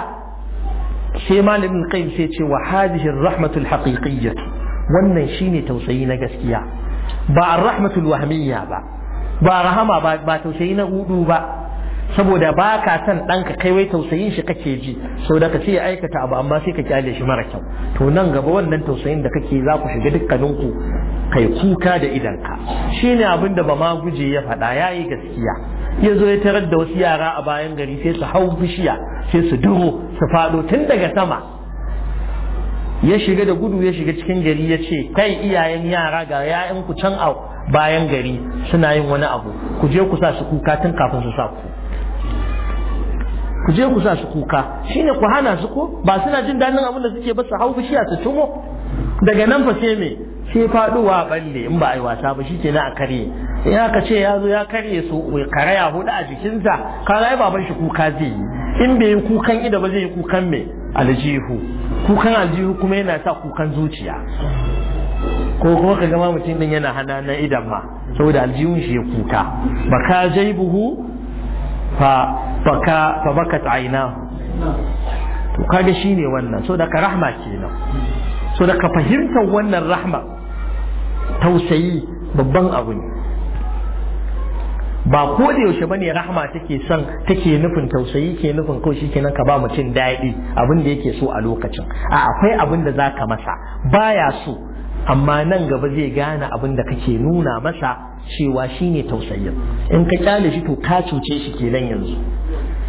Speaker 1: sai malamin qayyim sai ce wa hadhihi rahmatul haqiqiyyah wannan shine tausayi na gaskiya ba rahmatul wahmiyya ba ba rahama ba tausayi na hudu ba saboda ba ka san ɗanka kai wai tausayin shi kake ji sau da ka ce ya aikata abu amma sai ka kyale shi mara kyau to nan gaba wannan tausayin da kake za ku shiga dukkaninku kai kuka da idanka shi ne abin da ba ma guje ya faɗa ya yi gaskiya ya zo ya tarar da wasu yara a bayan gari sai su hau bishiya sai su duro su faɗo tun daga sama ya shiga da gudu ya shiga cikin gari ya ce kai iyayen yara ga yayan ku can a bayan gari suna yin wani abu ku je ku sa su kuka tun kafin su sa ku ku je ku sa su kuka shine ku hana su ko ba suna jin danin abin da suke ba su hau bishiya su tumo daga nan fa sai me sai faduwa balle in ba a yi wasa ba shi kenan a karye in aka ce ya zo ya karye su karaya hudu a jikinsa kaga ai baban shi kuka zai yi in bai yi kukan ida ba zai yi kukan me aljihu kukan aljihu kuma yana sa kukan zuciya ko kuma ka gama mutum din yana hana na idan ma saboda aljihun shi ya kuka ba ka fa buhu fa bakat aina to kaga ne wannan saboda ka rahma kenan saboda ka fahimtar wannan rahma tausayi babban abu ne ba ko da yaushe bane rahama take son take nufin tausayi ke nufin ko shi kenan ka ba mutum daɗi abin da yake so a lokacin a akwai abin da za ka masa baya so amma nan gaba zai gane abin da kake nuna masa cewa shine tausayin in ka kyale shi to ka cuce shi kenan yanzu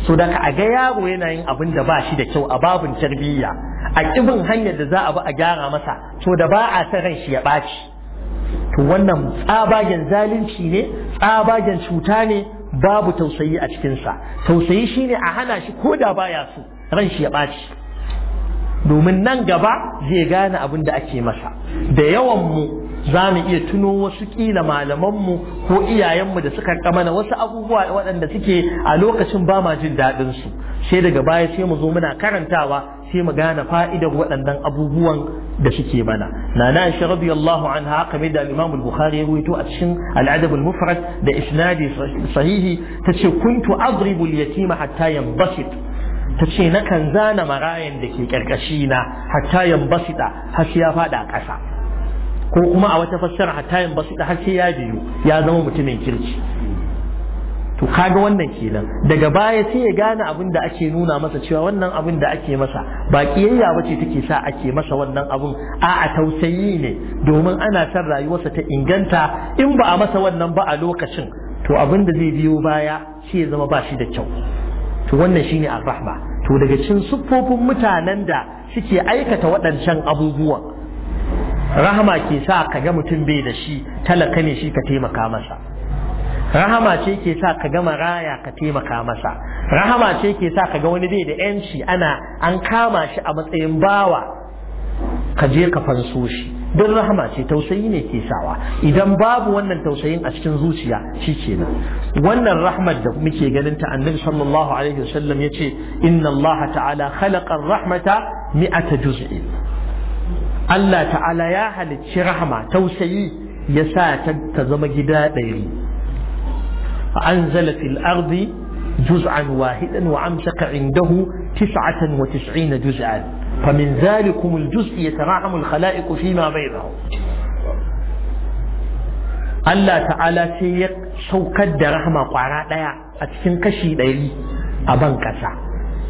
Speaker 1: so da a ga yaro yana yin abin da ba shi da kyau a babun tarbiyya a kibin hanyar da za a bi a gyara masa to da ba a sa ran shi ya ɓaci to wannan tsabagen zalunci ne tsabagen cuta ne babu tausayi a cikinsa tausayi shine a hana shi ko da baya so ran shi ya ɓaci domin nan gaba zai gane abin da ake masa da yawan mu za mu iya tuno wasu kila malamanmu ko iyayenmu da suka kamana wasu abubuwa waɗanda suke a lokacin ba ma jin daɗin su sai daga baya sai mu zo muna karantawa sai mu gane fa'idar waɗannan abubuwan da suke mana nana aisha radiyallahu anha kamar da imam al-bukhari ya ruwaito a cikin al-adab al-mufrad da isnadi sahihi tace kuntu adribu al-yatima hatta yanbasit ta ce nakan zana marayan da ke ƙarƙashi na hatta yambasita har ya faɗa ƙasa ko kuma a wata fassara hatta yin basu da har sai ya biyu ya zama mutumin kirki to kaga wannan kenan daga baya sai ya gane abin da ake nuna masa cewa wannan abin da ake masa ba kiyayya bace take sa ake masa wannan abun a a tausayi ne domin ana son rayuwarsa ta inganta in ba a masa wannan ba a lokacin to abin da zai biyo baya sai ya zama ba shi da kyau to wannan shine arrahma to daga cikin siffofin mutanen da suke aikata waɗancan abubuwan rahama ke sa ka ga mutum bai da shi talaka ne shi ka taimaka masa rahama ce ke sa ka ga maraya ka taimaka masa rahama ce ke sa ka ga wani bai da yanci ana an kama shi a matsayin bawa ka je ka fanso shi don rahama ce tausayi ne ke sawa idan babu wannan tausayin a cikin zuciya shi kenan wannan rahmar da muke ganin ta annabi sallallahu alaihi wasallam yace inna Allaha ta'ala khalaqa rahmata mi'ata juz'in Allah ta'ala ya halicci rahama tausayi ya sa ta zama gida ɗari anzala fil ardi juz'an wahidan wa amsaka indahu tis'atan wa tis'ina juz'an famin zalikum al-juz' yatarahamu al-khala'iq fima bainahum Allah ta'ala sai ya saukar da rahama kwara ɗaya a cikin kashi ɗari a ban ƙasa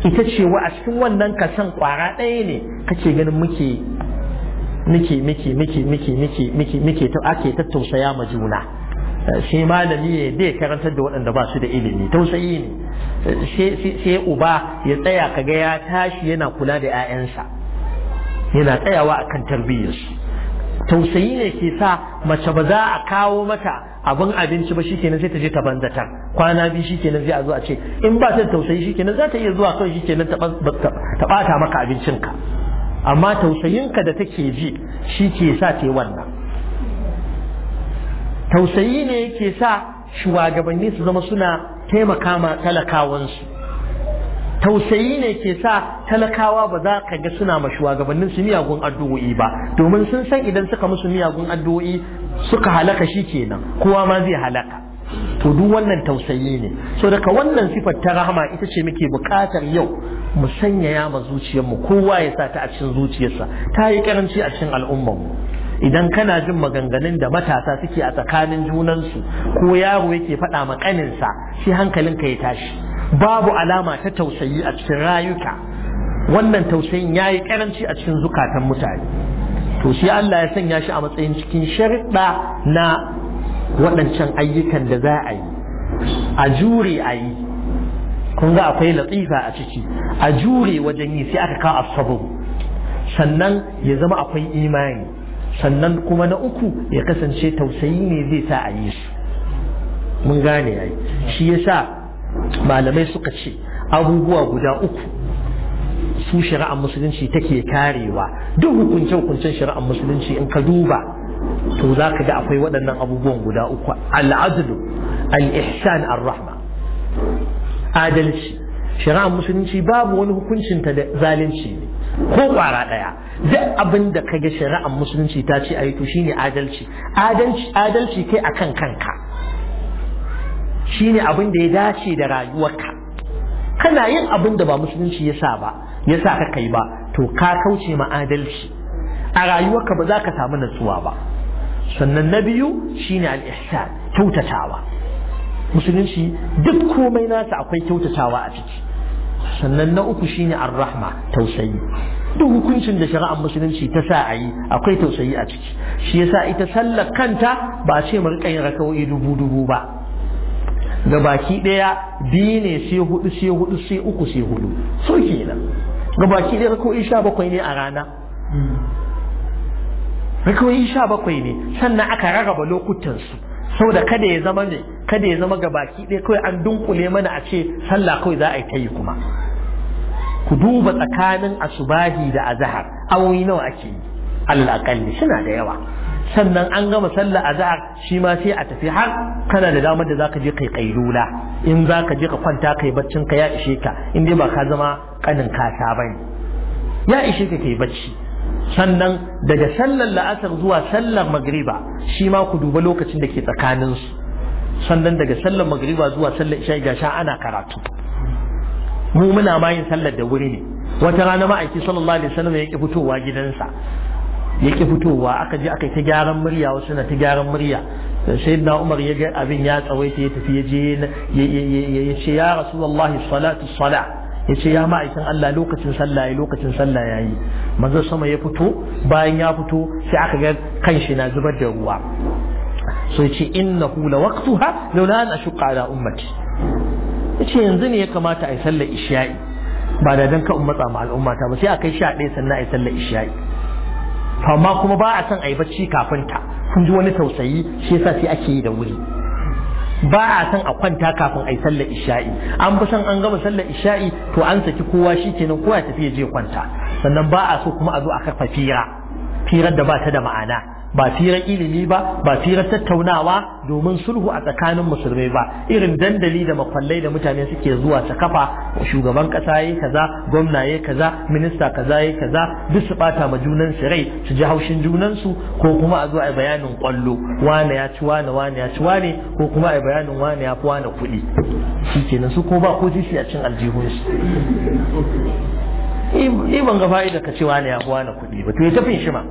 Speaker 1: ita ce wa a cikin wannan kasan kwara ɗaya ne kake ganin muke Miki miki miki miki miki miki miki to ake ta tausaya ma juna eh, shi malami ya dai karantar da waɗanda ba su da ilimi tausayi ne eh, sai uba ya tsaya kaga ya tashi yana kula da 'ya'yansa yana tsayawa akan tarbiyyarsu tausayi ne ke sa mace ba za a kawo mata abin abinci ba shikenan sai ta je ta banzata kwana biyu shikenan zai a zo a ce in ba ta tausayi shikenan za ta iya zuwa kawai shikenan ta bata maka abincinka amma tausayinka da take ji shi ke sa ta wannan tausayi ne yake sa shugabanni su zama suna taimaka ma talakawansu tausayi ne ke sa talakawa ba za ka ga suna ma shugabannin su miyagun addu'o'i ba domin sun san idan suka musu miyagun addu'o'i suka halaka shi kenan kowa ma zai halaka to duk wannan tausayi ne so daga wannan sifar ta rahama ita ce muke bukatar yau mu sanyaya ma mu kowa ya sa ta a cikin zuciyarsa ta yi karanci a cikin al'ummar mu idan kana jin maganganun da matasa suke a tsakanin junansu ko yaro yake faɗa ma ƙaninsa shi hankalinka ya tashi babu alama ta tausayi a cikin rayuka wannan tausayin ya yi a cikin zukatan mutane to shi Allah ya sanya shi a matsayin cikin sharɗa na waɗancan ayyukan da za a yi a jure a yi kun ga akwai latifa a ciki a jure wajen yi sai aka kawo asabu sannan ya zama akwai imani sannan kuma na uku ya kasance tausayi ne zai sa a yi su mun gane yi shi yasa malamai suka ce abubuwa guda uku su shari'ar musulunci take karewa duk hukunce hukuncen shari'ar musulunci in ka duba to za ka ga akwai waɗannan abubuwan guda uku al'adlu al-ihsan ar-rahma adalci shari'ar musulunci babu wani hukuncin ta da zalunci ne ko ƙwara ɗaya duk abin da ka ga shari'ar musulunci ta ce ayi to shine adalci adalci adalci kai akan kanka shine abin da ya dace da rayuwarka kana yin abin da ba musulunci ya sa ba ya sa ka kai ba to ka kauce ma adalci a rayuwarka ba za ka samu natsuwa ba sannan na biyu shine al-ihsan kyautatawa musulunci duk komai nasa akwai kyautatawa a ciki sannan na uku shine ar-rahma tausayi duk hukuncin da shari'ar musulunci ta sa a yi akwai tausayi a ciki shi yasa ita sallar kanta ba ce mu rika yin rakawoyi dubu dubu ba ga baki ɗaya biyu ne sai hudu sai hudu sai uku sai hudu so kenan ga baki ɗaya rakawoyi sha bakwai ne a rana rakawoyi sha bakwai ne sannan aka rarraba lokutansu da kada ya zama ne kada ya zama gabaki ɗaya kawai an dunkule mana a ce sallah kawai za a yi ta yi kuma ku duba tsakanin asubahi da azahar awoyi nawa ake yi Allah alaƙalli suna da yawa sannan an gama sallar azahar shi ma sai a tafi har kana da damar da zaka je kai kailula in zaka je ka kwanta kai baccin ka ya ishe ka in dai ba ka zama kanin kasa bane ya ishe ka kai bacci sannan daga sallar la'asar zuwa sallar magriba shi ma ku duba lokacin da ke tsakaninsu sannan daga sallar magriba zuwa sallar isha ga sha ana karatu mu muna ma yin sallar da wuri ne wata rana ma'aiki sallallahu alaihi wasallam ya ki fitowa gidansa ya fitowa aka je aka yi ta gyaran murya wasu na ta gyaran murya sai na umar ya ga abin ya tsawaita ya tafi ya je ya ce ya rasulullahi salatu sala ya ce ya ma'aikin Allah lokacin sallah lokacin sallah ya yi manzo sama ya fito bayan ya fito sai aka ga kanshi na zubar da ruwa so ya ce hula la waqtuha laula an ashqa ala ummati ya ce yanzu ne ya kamata a yi sallar isha'i ba da dan ka ummata ma al'ummata ba sai a kai sha ɗaya sannan a yi sallar isha'i amma kuma ba a san a yi bacci kafin ta kun ji wani tausayi shi yasa sai ake yi da wuri ba a san a kwanta kafin a yi sallar isha'i an bi san an gama sallar isha'i to an saki kowa shi kenan kowa ya tafi ya je kwanta sannan ba a so kuma a zo a kafa fira firar da ba ta da ma'ana ba firar ilimi ba ba firar tattaunawa domin sulhu a tsakanin musulmai ba irin dandali da makwallai da mutane suke zuwa ta kafa shugaban kasa yayi kaza gwamna yayi kaza minista kaza yayi kaza duk su bata ma junan su rai su ji haushin junan su ko kuma a zo a bayanin kwallo wane ya ci wane wane ya ci wane ko kuma a bayanin wane ya fi wane kuɗi shikenan su ko ba ko a cikin aljihun ni ban ga fa'ida ka cewa ne ya fi na kuɗi ba to ya tafi shi ma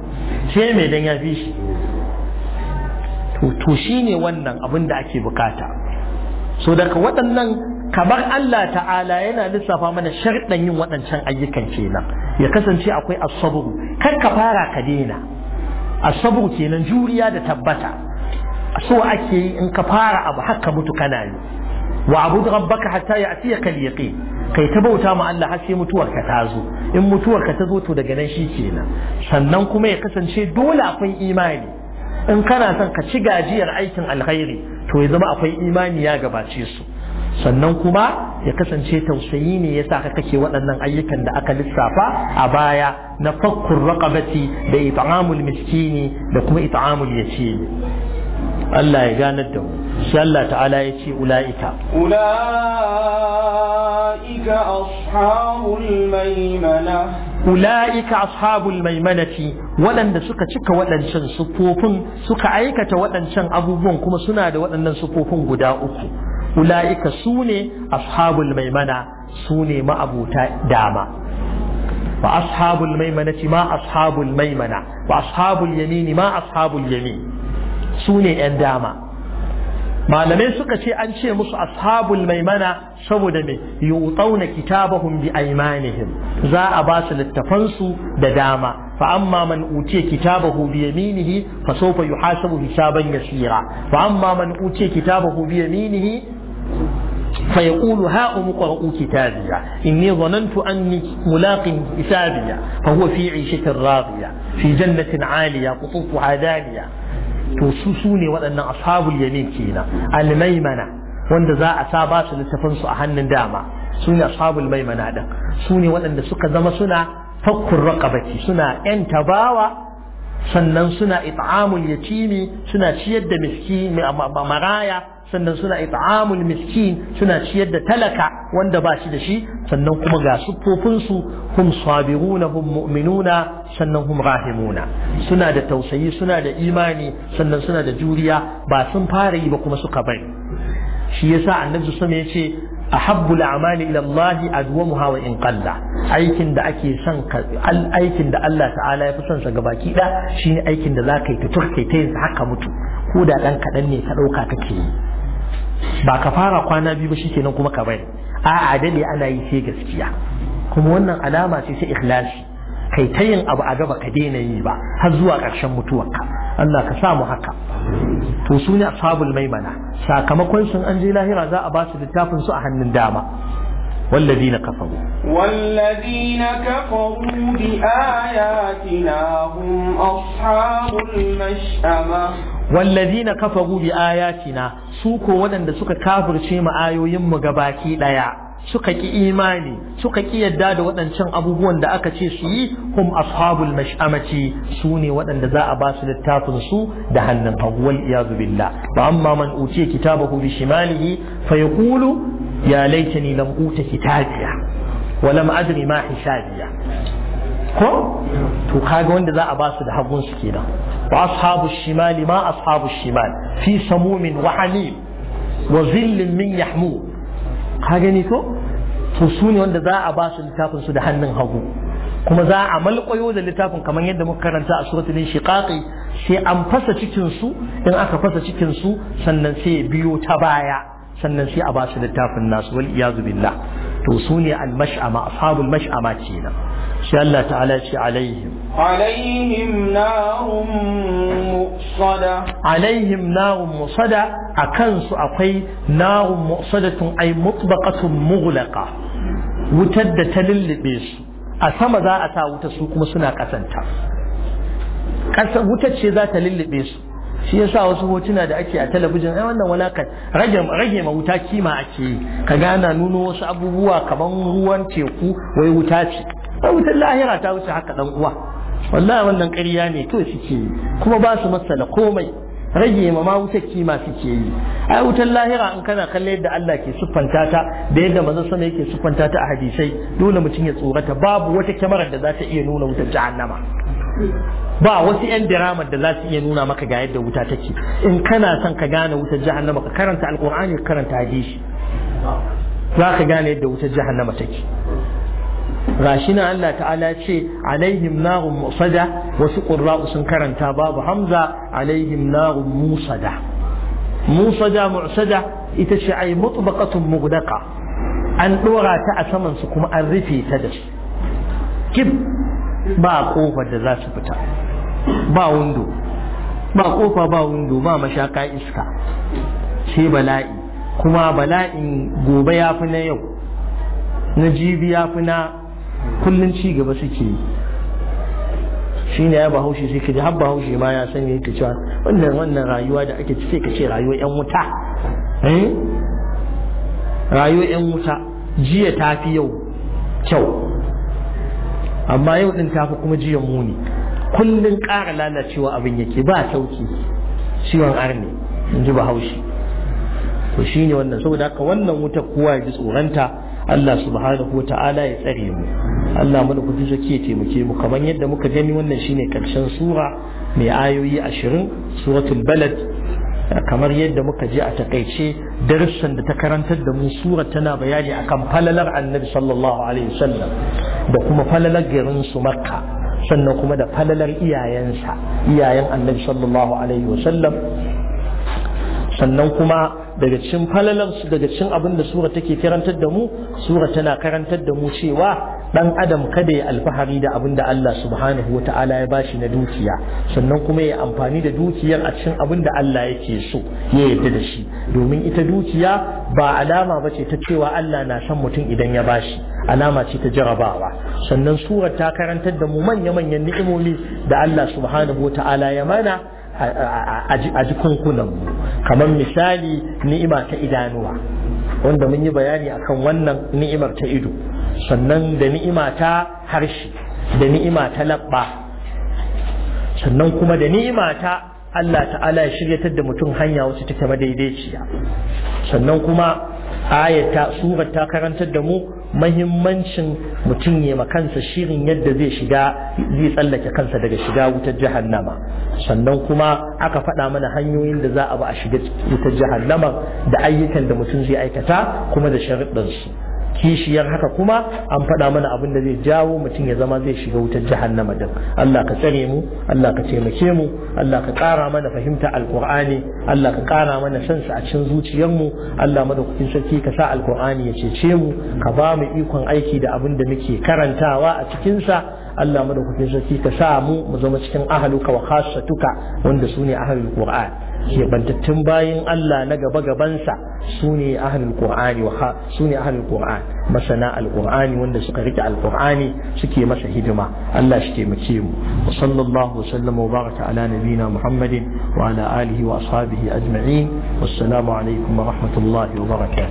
Speaker 1: sai mai dan ya fi shi to shi ne wannan abin da ake bukata so daga waɗannan kamar Allah ta'ala yana lissafa mana sharɗan yin waɗancan ayyukan kenan ya kasance akwai asaburu kar ka fara ka daina asaburu kenan juriya da tabbata so ake yi in ka fara abu haka mutu kana yi wa abud rabbaka hatta ya'tiyaka al-yaqin kai ta bauta ma Allah har sai mutuwarka ta zo in mutuwarka ta zo to daga nan shikenan sannan kuma ya kasance dole akwai imani in kana son ka ci gajiyar aikin alkhairi to ya zama akwai imani ya gabace su sannan kuma ya kasance tausayi ne ya sa kake waɗannan ayyukan da aka lissafa a baya na fakkun raqabati da it'amul miskini da kuma it'amul yatim Allah ya ganar da mu sai Allah ta'ala ya ce ula'ika
Speaker 2: ula'ika ashabul maimana
Speaker 1: ula'ika ashabul maimanati waɗanda suka cika waɗancan sufofin suka aikata waɗancan abubuwan kuma suna da waɗannan sufofin guda uku ula'ika su ne ashabul maimana su ne ma'abuta dama wa ashabul maimanati ma ashabul maimana wa ashabul yamini ma ashabul yamin su ne 'yan dama malamai suka ce an ce musu ashabul maimana saboda me yu'tauna kitabahum bi aymanihim za a ba su littafansu da dama fa amma man utiya kitabahu bi yaminihi fa sawfa yuhasabu hisaban yasira fa amma man utiya kitabahu bi yaminihi fa yaqulu ha umqra'u kitabiya inni dhanantu anni mulaqin hisabiya fa huwa fi 'ishatin radiya fi jannatin 'aliya qutufuha daniya to su su ne waɗannan ashabul yamin kenan al wanda za a sa ba su littafin su a hannun dama su ne ashabul maimana din su ne waɗanda suka zama suna fakkur raqabati suna yan tabawa sannan suna it'amul yatimi suna ciyar da miskin maraya sannan suna it'amul miskin suna ciyar da talaka wanda ba shi da shi sannan kuma ga sufofin su hum sabiruna hum mu'minuna sannan hum rahimuna suna da tausayi suna da imani sannan suna da juriya ba sun fara yi ba kuma suka bari shi yasa annabi sama yace ahabbul a'mali ila Allah adwamuha wa in qalla aikin da ake son aikin da Allah ta'ala ya fi son sa gabaki da shine aikin da zaka yi ta turke ta haka mutu ko da dan kadan ne ka dauka kake yi ba ka fara kwana biyu ba shikenan kuma ka bari a'a dade ana yi sai gaskiya kuma wannan alama ce sai ikhlasi kai ta yin abu a gaba ka daina yi ba har zuwa ƙarshen mutuwarka Allah ka sa mu haka to su ne ashabul maimana sakamakon sun an je lahira za a ba su littafin su a hannun dama والذين كفروا
Speaker 2: والذين كفروا بآياتنا هم أصحاب المشأمة
Speaker 1: والذين كفروا بآياتنا سوكو ودن سوكا كافر شيما آيو يم غباكي ليا suka ki imani suka ki yadda da waɗancan abubuwan da aka ce su yi hum ashabul mash'amati su ne waɗanda za a ba su littafin su da hannun hagu wal iyazu billah fa amma man utiya kitabahu bi shimalihi fa yaqulu ya laitani lam uta kitabiya wa lam adri ma hisabiya ko to kaga wanda za a ba su da hagun su kenan wa ashabu shimali ma ashabu shimal fi samumin wa hamim wa zillin min yahmum ka gani ko to su ne wanda za a ba su littafin su da hannun hagu kuma za a malƙwayo da littafin kamar yadda muka karanta a suratul shiqaqi sai an fasa cikin su in aka fasa cikin su sannan sai ya biyo ta baya sannan sai a ba su littafin nasu wal iyazu billah to su ne al mash'ama ashabul mash'ama kenan sai Allah ta'ala ce alaihim
Speaker 2: alaihim narun musada
Speaker 1: alaihim narun musada akan su akwai narun musadatun ay mutlaqatun mughlaqa wutar da ta lullube su a sama za a sa wuta su kuma suna kasanta wutar ce za ta lullube su shi yasa wasu hotuna da ake a talabijin ai wannan walakan rage rage ma wuta kima ake yi ka gana nuno wasu abubuwa kaman ruwan teku wai wuta ce wai wutar lahira ta wuce haka dan uwa wallahi wannan ƙarya ne to suke yi kuma ba su masala komai rage ma ma wuta kima suke yi ai wutar lahira in kana kalle yadda Allah ke siffanta ta da yadda manzo sama yake siffanta ta a hadisai dole mutum ya tsorata babu wata kyamarar da za ta iya nuna wutar jahannama ba wasu 'yan diramar da za su iya nuna maka ga yadda wuta take in kana son ka gane wutar jahannama ka karanta alkur'ani ka karanta hadisi za ka gane yadda wutar jahannama take Rashina Allah ta'ala ce alaihim narun musada wasu ƙur'a'u sun karanta babu hamza alaihim narun musada musada musada ita ce ai mutbaqatun mugdaqa an dora ta a saman su kuma an rufe ta da su kib ba kofa da za su fita ba wundo ba kofa ba wundo ba mashaka iska sai bala'i kuma bala'in gobe ya fi na yau na jibi ya fi na kullum ci gaba suke yi shi ne ya bahaushe sai kaji har haushe ma ya sani yake cewa wannan wannan rayuwa da ake ci sai ka ce rayuwar yan wuta eh? rayuwar yan wuta jiya ta fi yau kyau amma yau din tafi kuma jiya muni kullun ƙara lalacewa abin yake ba sauki ciwon arne in ji bahaushe to shine wannan saboda haka wannan wuta kowa ya ji ta, Allah subhanahu wata'ala ya tsare mu Allah mana kudu zaki ya taimake mu kamar yadda muka gani wannan shine karshen sura mai ayoyi ashirin suratul balad kamar yadda muka ji a takaice darussan da ta karantar da mu sura tana bayani akan falalar annabi sallallahu alaihi wasallam da kuma falalar garin su makka sannan kuma da falalar iyayensa iyayen annabi sallallahu alaihi wasallam sannan kuma daga cikin falalar daga cikin abin da sura take karantar da mu sura tana karantar da mu cewa dan adam kada ya alfahari da abin da Allah subhanahu wa ta'ala ya bashi na dukiya sannan kuma ya amfani da dukiyar a cikin abin da Allah yake so ya yarda da shi domin ita dukiya ba alama bace ta cewa Allah na son mutum idan ya bashi alama ce ta jarabawa sannan surar ta karantar da mu manya-manyan ni'imomi da Allah subhanahu wa ta'ala ya mana a jikunkunan mu kamar misali ni'ima ta idanuwa wanda mun yi bayani akan wannan ni'imar ta ido sannan da ni'ima ta harshe da ni'ima ta labba sannan kuma da ni'ima ta Allah ta'ala ya shiryatar da mutum hanya wacce take madaidaiciya sannan kuma ayata surar ta karantar da mu mahimmancin mutum ya ma kansa shirin yadda zai shiga zai tsallake kansa daga shiga wutar jahannama sannan kuma aka faɗa mana hanyoyin da za a ba a shiga wutar jahannama da ayyukan da mutum zai aikata kuma da sharuɗansu kishiyar haka kuma an faɗa mana abin da zai jawo mutum ya zama zai shiga wutar jahannama din Allah ka tsare mu Allah ka taimake mu Allah ka ƙara mana fahimta alqur'ani Allah ka ƙara mana san a cikin zuciyar mu Allah madaukakin sarki ka sa alqur'ani ya cece mu ka ba mu ikon aiki da abin da muke karantawa a cikin sa Allah madaukakin sarki ka sa mu mu zama cikin ahaluka wa khassatuka wanda sune ahlul qur'an keɓantattun bayan Allah na gaba gabansa su ne ahlul qur'ani su ne ahlul qur'an masana alqur'ani wanda suka rike alqur'ani suke masa hidima Allah shi taimake mu wa sallallahu sallama wa baraka ala nabina muhammadin wa ala alihi wa ashabihi ajma'in wassalamu alaikum wa rahmatullahi wa barakatuh